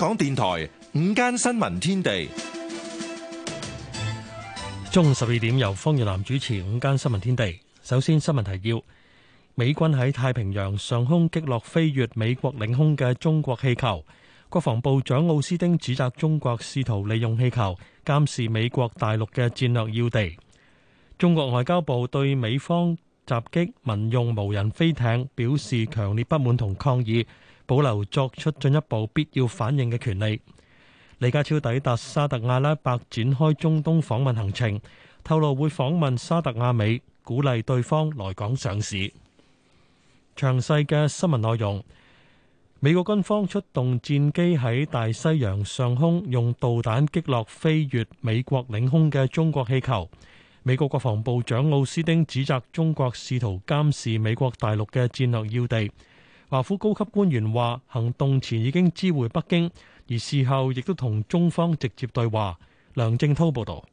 香港電台午間新聞天地，中午十二點由方月蘭主持午間新聞天地。首先新聞提要：美軍喺太平洋上空擊落飛越美國領空嘅中國氣球，國防部長奧斯汀指責中國試圖利用氣球監視美國大陸嘅戰略要地。中國外交部對美方襲擊民用無人飛艇表示強烈不滿同抗議。保留作出進一步必要反應嘅權利。李家超抵達沙特阿拉伯，展開中東訪問行程，透露會訪問沙特阿美，鼓勵對方來港上市。詳細嘅新聞內容。美國軍方出動戰機喺大西洋上空用導彈擊落飛越美國領空嘅中國氣球。美國國防部長奧斯丁指責中國試圖監視美國大陸嘅戰略要地。華府高級官員話，行動前已經知會北京，而事後亦都同中方直接對話。梁正濤報道。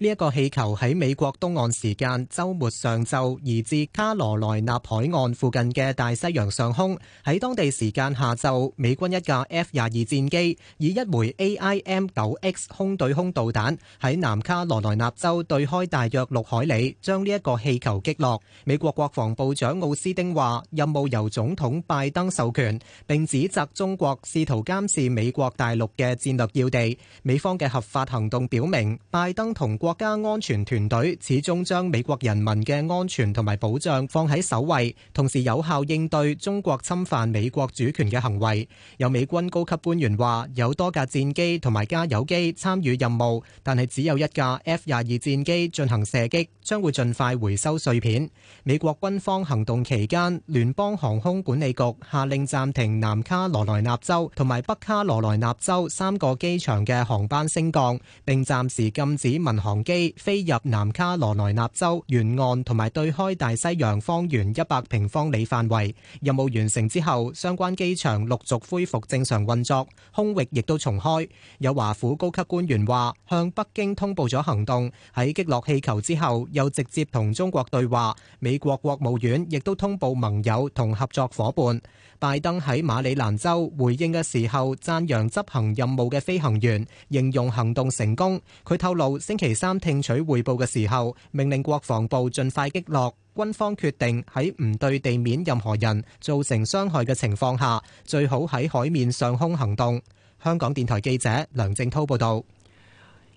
呢一個氣球喺美國東岸時間週末上晝移至卡羅來納海岸附近嘅大西洋上空，喺當地時間下晝，美軍一架 F 廿二戰機以一枚 AIM 九 X 空對空導彈喺南卡羅來納州對開大約六海里，將呢一個氣球擊落。美國國防部長奧斯丁話：任務由總統拜登授權，並指責中國試圖監視美國大陸嘅戰略要地。美方嘅合法行動表明，拜登同國家安全團隊始終將美國人民嘅安全同埋保障放喺首位，同時有效應對中國侵犯美國主權嘅行為。有美軍高級官員話，有多架戰機同埋加油機參與任務，但係只有一架 F 廿二戰機進行射擊，將會盡快回收碎片。美國軍方行動期間，聯邦航空管理局下令暫停南卡羅來納州同埋北卡羅來納州三個機場嘅航班升降，並暫時禁止民航，機飛入南卡羅來納州沿岸同埋對開大西洋方圓一百平方里範圍。任務完成之後，相關機場陸續恢復正常運作，空域亦都重開。有華府高級官員話，向北京通報咗行動。喺擊落氣球之後，又直接同中國對話。美國國務院亦都通報盟友同合作伙伴。拜登喺馬里蘭州回應嘅時候，讚揚執行任務嘅飛行員，形容行動成功。佢透露星期三，聽取匯報嘅時候，命令國防部盡快擊落。軍方決定喺唔對地面任何人造成傷害嘅情況下，最好喺海面上空行動。香港電台記者梁正濤報道。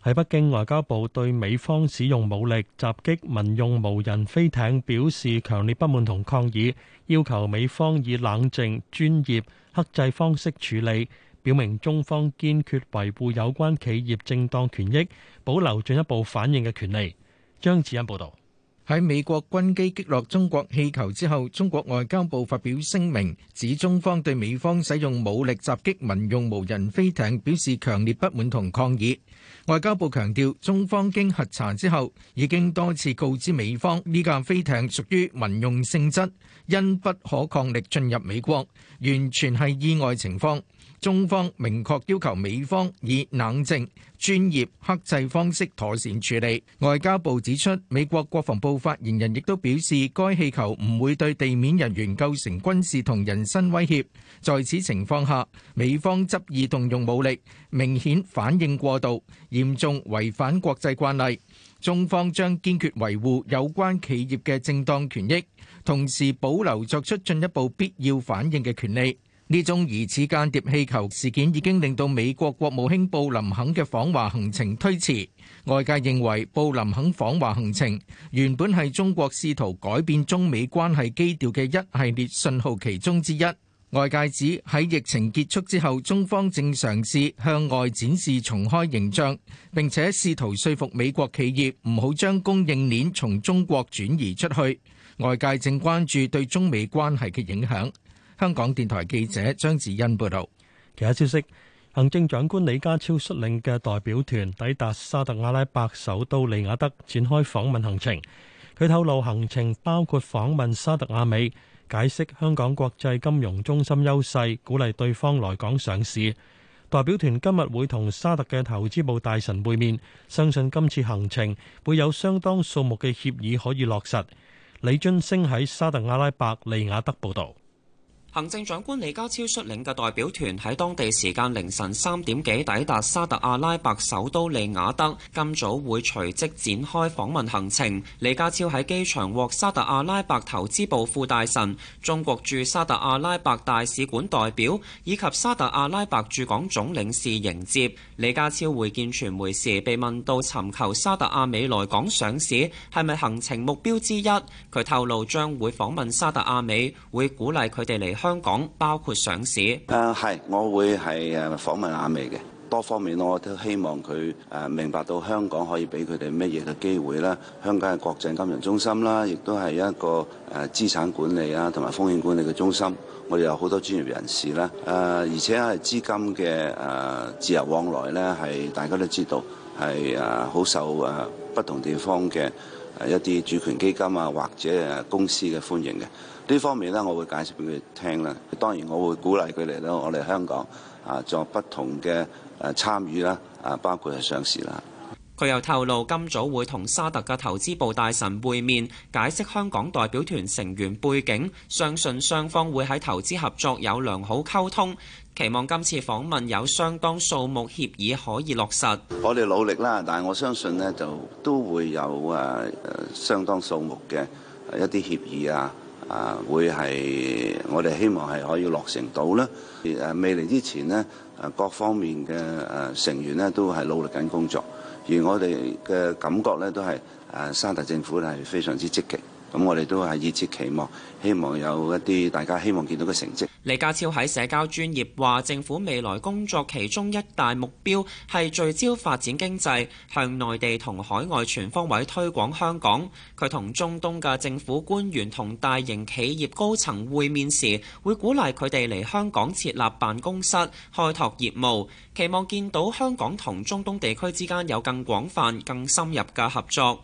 喺北京外交部對美方使用武力襲擊民用無人飛艇表示強烈不滿同抗議，要求美方以冷靜、專業、克制方式處理。表明中方堅決維護有關企業正當權益，保留進一步反應嘅權利。張子欣報道：喺美國軍機擊落中國氣球之後，中國外交部發表聲明，指中方對美方使用武力襲擊民用無人飛艇表示強烈不滿同抗議。外交部強調，中方經核查之後，已經多次告知美方呢架飛艇屬於民用性質，因不可抗力進入美國，完全係意外情況。中方明確要求美方以冷靜專業克制方式妥善處理。外交部指出，美國國防部發言人亦都表示該氣球唔會對地面人員構成軍事同人身威脅，在此情況下，美方執意動用武力，明顯反應過度，嚴重違反國際慣例。中方將堅決維護有關企業嘅正當權益，同時保留作出進一步必要反應嘅權利。呢種疑似間諜氣球事件已經令到美國國務卿布林肯嘅訪華行程推遲。外界認為布林肯訪華行程原本係中國試圖改變中美關係基調嘅一系列信號其中之一。外界指喺疫情結束之後，中方正嘗試向外展示重開形象，並且試圖說服美國企業唔好將供應鏈從中國轉移出去。外界正關注對中美關係嘅影響。香港電台記者張子欣報道。其他消息，行政長官李家超率領嘅代表團抵達沙特阿拉伯首都利雅德，展開訪問行程。佢透露行程包括訪問沙特阿美，解釋香港國際金融中心優勢，鼓勵對方來港上市。代表團今日會同沙特嘅投資部大臣會面，相信今次行程會有相當數目嘅協議可以落實。李津升喺沙特阿拉伯利雅德報道。行政長官李家超率領嘅代表團喺當地時間凌晨三點幾抵達沙特阿拉伯首都利雅得，今早會隨即展開訪問行程。李家超喺機場獲沙特阿拉伯投資部副大臣、中國駐沙特阿拉伯大使館代表以及沙特阿拉伯駐港總領事迎接。李家超會見傳媒時被問到尋求沙特阿美來港上市係咪行程目標之一，佢透露將會訪問沙特阿美，會鼓勵佢哋嚟。香港包括上市，誒係、啊、我會係誒訪問阿美嘅多方面，我都希望佢誒明白到香港可以俾佢哋乜嘢嘅機會啦。香港係國際金融中心啦，亦都係一個誒資產管理啊同埋風險管理嘅中心。我哋有好多專業人士啦、啊，而且係資金嘅誒自由往來咧，係大家都知道係誒好受誒不同地方嘅一啲主權基金啊或者誒公司嘅歡迎嘅。呢方面咧，我會解釋俾佢聽啦。當然，我會鼓勵佢哋啦，我哋香港啊，作不同嘅誒參與啦。啊，包括係上市啦。佢又透露，今早會同沙特嘅投資部大臣會面，解釋香港代表團成員背景，相信雙方會喺投資合作有良好溝通，期望今次訪問有相當數目協議可以落實。我哋努力啦，但係我相信呢，就都會有誒誒相當數目嘅一啲協議啊。啊，會係我哋希望係可以落成到啦。誒未嚟之前咧，誒各方面嘅誒成員咧都係努力緊工作，而我哋嘅感覺咧都係誒三大政府係非常之積極。咁我哋都係熱切期望，希望有一啲大家希望見到嘅成績。李家超喺社交專頁話，政府未來工作其中一大目標係聚焦發展經濟，向內地同海外全方位推廣香港。佢同中東嘅政府官員同大型企業高層會面時，會鼓勵佢哋嚟香港設立辦公室、開拓業務，期望見到香港同中東地區之間有更廣泛、更深入嘅合作。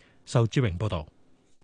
仇志榮報道。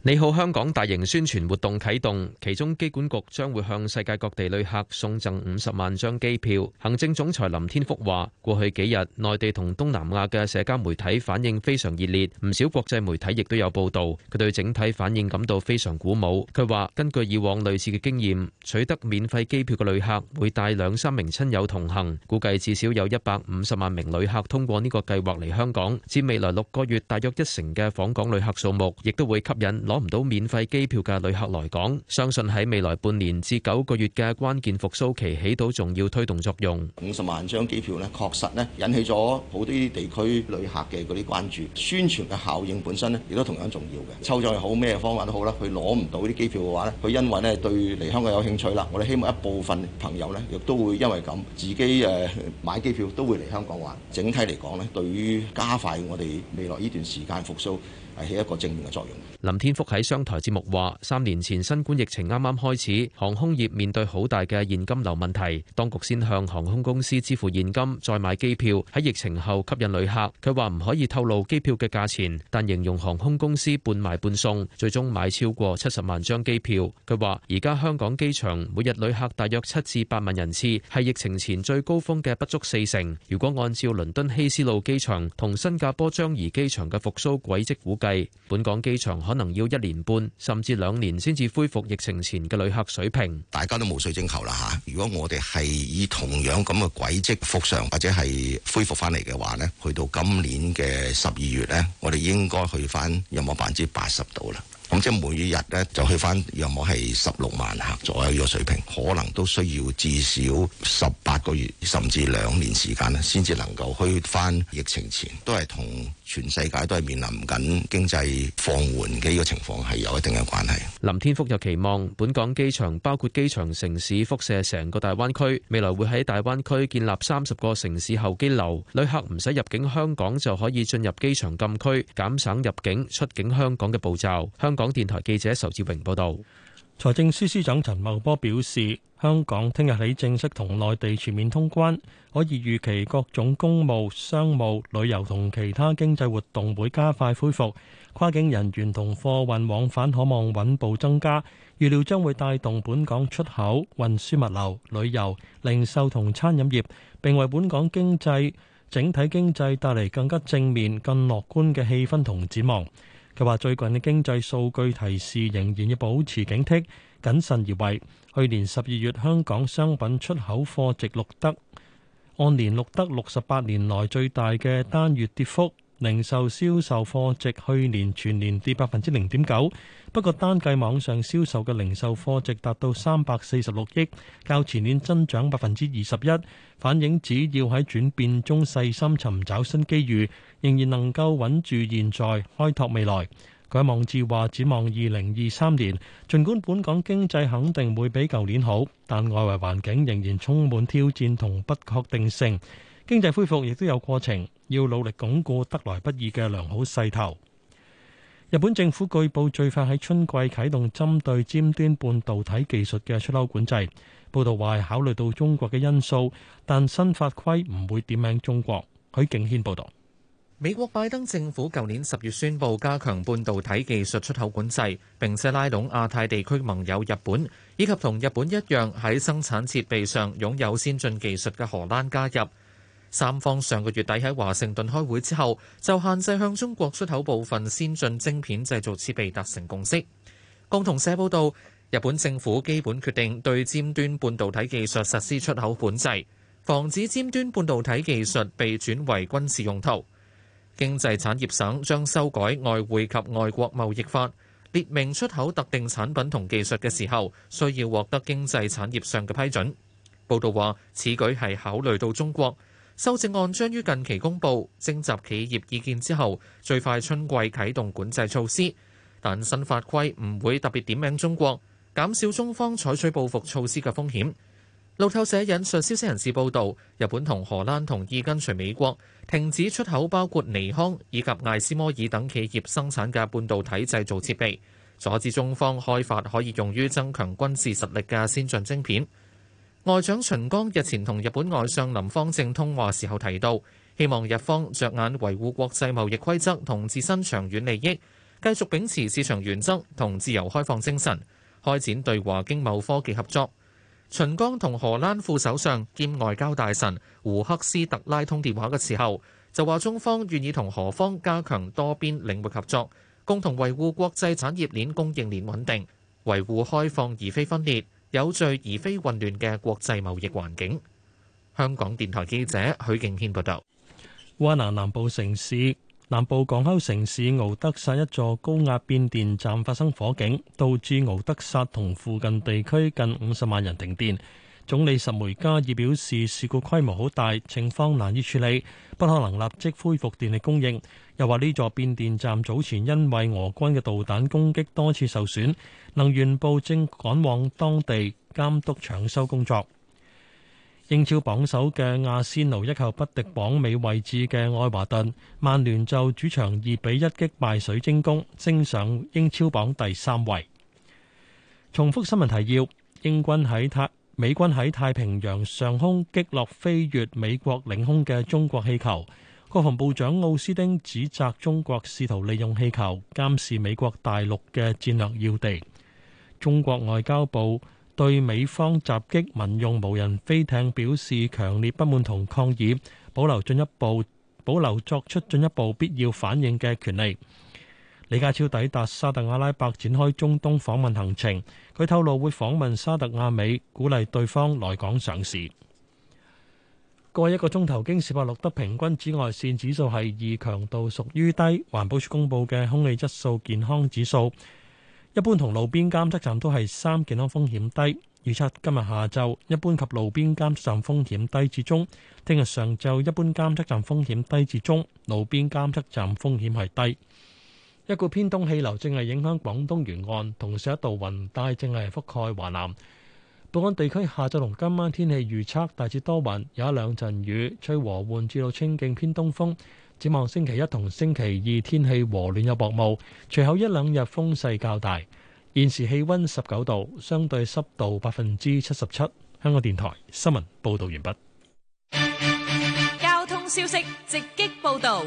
你好，香港大型宣傳活動啟動，其中機管局將會向世界各地旅客送贈五十萬張機票。行政總裁林天福話：，過去幾日，內地同東南亞嘅社交媒體反應非常熱烈，唔少國際媒體亦都有報道。佢對整體反應感到非常鼓舞。佢話：，根據以往類似嘅經驗，取得免費機票嘅旅客會帶兩三名親友同行，估計至少有一百五十萬名旅客通過呢個計劃嚟香港，佔未來六個月大約一成嘅訪港旅客數目，亦都會吸引。攞唔到免費機票嘅旅客來講，相信喺未來半年至九個月嘅關鍵復甦期起到重要推動作用。五十萬張機票咧，確實咧引起咗好多啲地區旅客嘅嗰啲關注，宣傳嘅效應本身咧亦都同樣重要嘅。抽獎又好，咩方法都好啦，佢攞唔到啲機票嘅話咧，佢因為咧對嚟香港有興趣啦，我哋希望一部分朋友咧亦都會因為咁自己誒買機票都會嚟香港玩。整體嚟講咧，對於加快我哋未來呢段時間復甦係起一個正面嘅作用。林天福喺商台節目話三年前新冠疫情啱啱開始，航空業面對好大嘅現金流問題，當局先向航空公司支付現金，再買機票喺疫情後吸引旅客。佢話唔可以透露機票嘅價錢，但形容航空公司半賣半送，最終買超過七十萬張機票。佢話而家香港機場每日旅客大約七至八萬人次，係疫情前最高峰嘅不足四成。如果按照倫敦希斯路機場同新加坡樟宜機場嘅復蘇軌跡估計，本港機場可能要一年半甚至兩年先至恢復疫情前嘅旅客水平，大家都冇水晶球啦吓。如果我哋係以同樣咁嘅軌跡復常或者係恢復翻嚟嘅話咧，去到今年嘅十二月咧，我哋應該去翻有冇百分之八十到啦。咁即係每日咧就去翻有冇係十六萬客左右依個水平，可能都需要至少十八個月甚至兩年時間呢先至能夠去翻疫情前，都係同全世界都係面臨緊經濟放緩嘅依個情況係有一定嘅關係。林天福又期望本港機場，包括機場城市輻射成個大灣區，未來會喺大灣區建立三十個城市候機樓，旅客唔使入境香港就可以進入機場禁區，減省入境出境香港嘅步驟。香港電台記者仇志榮報道，財政司司長陳茂波表示，香港聽日起正式同內地全面通關，可以預期各種公務、商務、旅遊同其他經濟活動會加快恢復，跨境人員同貨運往返可望穩步增加，預料將會帶動本港出口、運輸物流、旅遊、零售同餐飲業，並為本港經濟整體經濟帶嚟更加正面、更樂觀嘅氣氛同展望。佢話：最近嘅經濟數據提示仍然要保持警惕，謹慎而為。去年十二月香港商品出口貨值錄得，按年錄得六十八年來最大嘅單月跌幅。零售銷售貨值去年全年跌百分之零點九，不過單計網上銷售嘅零售貨值達到三百四十六億，較前年增長百分之二十一，反映只要喺轉變中細心尋找新機遇，仍然能夠穩住現在，開拓未來。佢喺網誌話：展望二零二三年，儘管本港經濟肯定會比舊年好，但外圍環境仍然充滿挑戰同不確定性。經濟恢復亦都有過程，要努力鞏固得來不易嘅良好勢頭。日本政府據報最快喺春季啟動針對尖端半導體技術嘅出口管制。報道話考慮到中國嘅因素，但新法規唔會點名中國。許景軒報導。美國拜登政府舊年十月宣布加強半導體技術出口管制，並且拉攏亞太地區盟友日本以及同日本一樣喺生產設備上擁有先進技術嘅荷蘭加入。三方上個月底喺華盛頓開會之後，就限制向中國出口部分先進晶片製造設備達成共識。共同社報道，日本政府基本決定對尖端半導體技術實施出口管制，防止尖端半導體技術被轉為軍事用途。經濟產業省將修改外匯及外國貿易法，列明出口特定產品同技術嘅時候需要獲得經濟產業上嘅批准。報道話，此舉係考慮到中國。修正案將於近期公布，徵集企業意見之後，最快春季啟動管制措施。但新法規唔會特別點名中國，減少中方採取報復措施嘅風險。路透社引述消息人士報道，日本同荷蘭同意跟隨美國，停止出口包括尼康以及艾斯摩爾等企業生產嘅半導體製造設備，阻止中方開發可以用於增強軍事實力嘅先進晶片。外長秦剛日前同日本外相林芳正通話時候提到，希望日方着眼維護國際貿易規則同自身長遠利益，繼續秉持市場原則同自由開放精神，開展對華經貿科技合作。秦剛同荷蘭副首相兼外交大臣胡克斯特拉通電話嘅時候，就話中方願意同荷方加強多邊領域合作，共同維護國際產業鏈供應鏈穩定，維護開放而非分裂，有序而非混亂嘅國際貿易環境。香港電台記者許敬軒報導，灣南南部城市南部港口城市敖德薩一座高壓變電站發生火警，導致敖德薩同附近地區近五十萬人停電。總理什梅加爾表示，事故規模好大，情況難以處理，不可能立即恢復電力供應。又話呢座變電站早前因為俄軍嘅導彈攻擊多次受損，能源部正趕往當地監督搶修工作。英超榜首嘅阿仙奴一球不敵榜尾位置嘅愛華頓，曼聯就主場二比一擊敗水晶宮，升上英超榜第三位。重複新聞提要：英軍喺泰。美軍喺太平洋上空擊落飛越美國領空嘅中國氣球，國防部長奧斯汀指責中國試圖利用氣球監視美國大陸嘅戰略要地。中國外交部對美方襲擊民用無人飛艇表示強烈不滿同抗議，保留進一步保留作出進一步必要反應嘅權利。李家超抵達沙特阿拉伯展開中東訪問行程。佢透露會訪問沙特阿美，鼓勵對方來港上市。過一個鐘頭，京士柏錄得平均紫外線指數係二，強度屬於低。環保署公布嘅空氣質素健康指數，一般同路邊監測站都係三，健康風險低。預測今日下晝一般及路邊監測站風險低至中，聽日上晝一般監測站風險低至中，路邊監測站風險係低，低。一股偏東氣流正係影響廣東沿岸，同時一道雲帶正係覆蓋華南。本港地區下晝同今晚天氣預測大致多雲，有一兩陣雨，吹和緩至到清勁偏東風。展望星期一同星期二，天氣和暖有薄霧，隨後一兩日風勢較大。現時氣溫十九度，相對濕度百分之七十七。香港電台新聞報道完畢。交通消息直擊報道。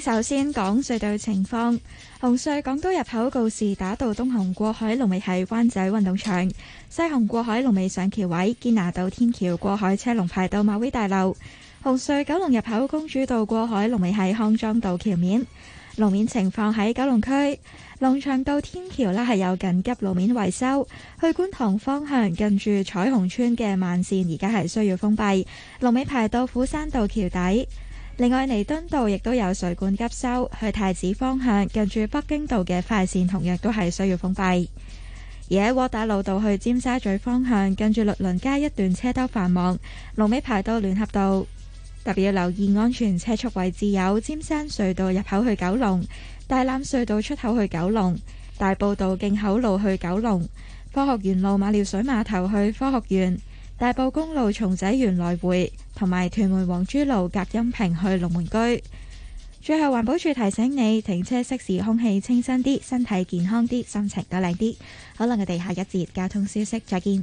首先講隧道情況，紅隧港島入口告士打道東行過海龍尾喺灣仔運動場，西行過海龍尾上橋位堅拿道天橋過海車龍排到馬會大樓。紅隧九龍入口公主道過海龍尾喺康莊道橋面，路面情況喺九龍區龍翔道天橋呢係有緊急路面維修。去觀塘方向近住彩虹村嘅慢線而家係需要封閉，龍尾排到斧山道橋底。另外，彌敦道亦都有水管急修，去太子方向近住北京道嘅快線同樣都係需要封閉。而喺窩打老道去尖沙咀方向，近住律倫街一段車都繁忙，路尾排到聯合道，特別要留意安全車速位置有：尖山隧道入口去九龍、大欖隧道出口去九龍、大埔道徑口路去九龍、科學園路馬料水碼頭去科學園。大埔公路松仔園來回，同埋屯門黃珠路隔音屏去龍門居。最後環保署提醒你，停車熄匙，空氣清新啲，身體健康啲，心情都靚啲。好啦，我哋下一節交通消息再見。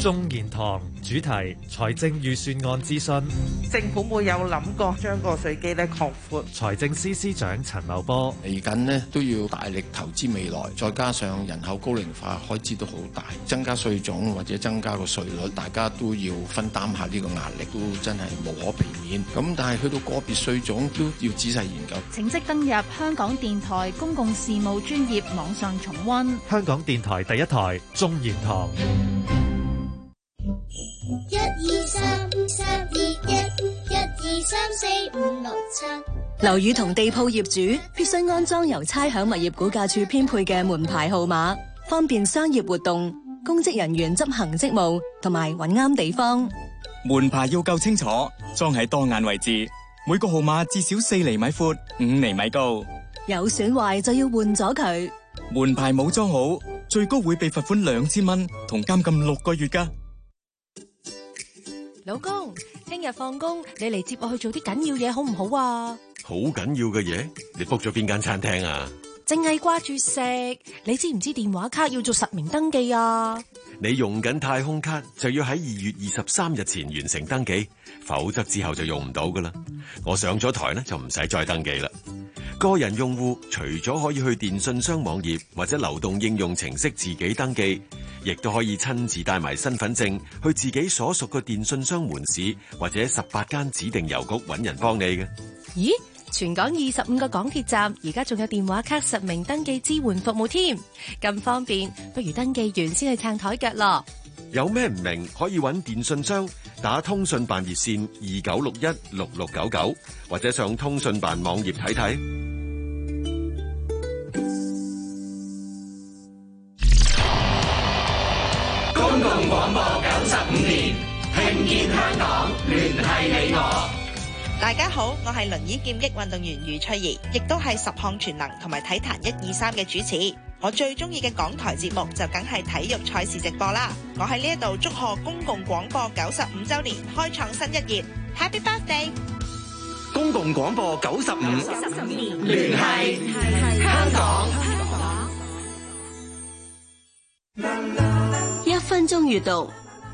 中研堂主題：財政預算案諮詢。政府會有諗過將個稅基咧擴闊。財政司司長陳茂波嚟緊呢都要大力投資未來，再加上人口高齡化，開支都好大，增加稅種或者增加個稅率，大家都要分擔一下呢個壓力，都真係無可避免。咁但係去到個別稅種都要仔細研究。請即登入香港電台公共事務專業網上重溫。香港電台第一台中研堂。四五六七樓宇同地鋪業主必須安裝由差餉物業估價署編配嘅門牌號碼，方便商業活動、公職人員執行職務同埋揾啱地方。門牌要夠清楚，裝喺當眼位置，每個號碼至少四厘米闊、五厘米高。有損壞就要換咗佢。門牌冇裝好，最高會被罰款兩千蚊同監禁六個月㗎。老公。今日放工，你嚟接我去做啲緊要嘢好唔好啊？好緊要嘅嘢，你 book 咗邊間餐廳啊？淨係掛住食，你知唔知電話卡要做實名登記啊？你用緊太空卡就要喺二月二十三日前完成登記，否則之後就用唔到噶啦。我上咗台咧，就唔使再登記啦。個人用戶除咗可以去電信商網頁或者流動應用程式自己登記，亦都可以親自帶埋身份證去自己所屬嘅電信商門市或者十八間指定郵局搵人幫你嘅。咦？全港二十五個港鐵站而家仲有電話卡實名登記支援服務添，咁方便，不如登記完先去撐台腳咯。有咩唔明可以搵電信商打通訊辦熱線二九六一六六九九，或者上通訊辦網頁睇睇。建香港，聯繫你我。大家好，我係輪椅劍擊運動員余翠怡，亦都係十項全能同埋體壇一二三嘅主持。我最中意嘅港台節目就梗係體育賽事直播啦。我喺呢一度祝賀公共廣播九十五週年，開創新一頁。Happy birthday！公共廣播九十五年，聯繫香港。一分鐘閱讀。